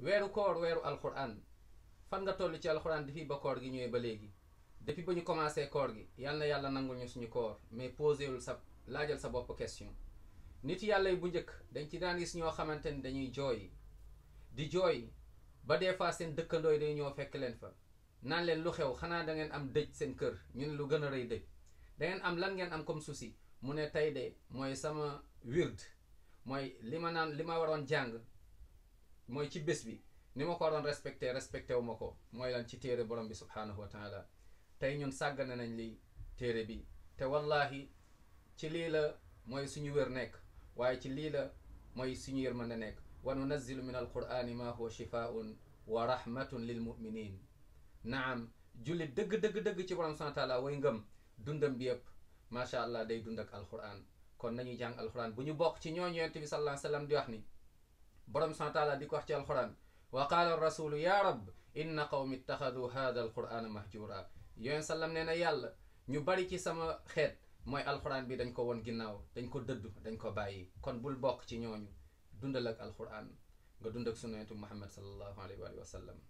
weeru koor weeru alxuraan fan nga toll ci alxuraan di fi ba koor gi ñëwee ba léegi defi ba ñu commencé koor gi yàlla yàlla nangul ñu suñu koor mais poséwul sa laajal sa bopp question nit yàlla yi bu njëkk dañ ci daan gis ñoo xamante ni dañuy jooy di jooy ba des fois seen dëkkandoo yi day ñoo fekk leen fa naan leen lu xew xanaa da ngeen am dëj seen kër ñu ne lu gën a rey dëj da am lan ngeen am comme souci mu ne tey de mooy sama wird mooy li ma naan li ma waroon jàng mooy ci bés bi ni ma ko waroon respecté respecté wu ko mooy lan ci téere borom bi subhaanahu wa taala tey ñun sàggane nañ li téere bi te wallahi ci lii la mooy suñu wër nekk waaye ci lii la mooy suñu yërmande nekk wa nunazilu min alqurani ma huwa shifaun wa rahmatun lil muminin naam jullit dëgg dëgg dëgg ci borom subhaanahu wa taala way ngëm dundam bi yëpp macha allah day dund ak alquran kon nañuy jàng alquran bu ñu bokk ci ñooñu yonent bi sallallahu alayhi di wax ni borom santaala di ko wax ci alxuraan wa qaala rasulu ya rab inna qawmi ittaxadu hada alqurana mahjura yoneen sallam nee na yàlla ñu bari ci sama xeet mooy alxuraan bi dañ ko woon ginnaaw dañ ko dëddu dañ ko bàyyi kon bul bokk ci ñooñu dundal ak alxuraan nga dund ak sunnatu muhammad sallallahu alayhi wa sallam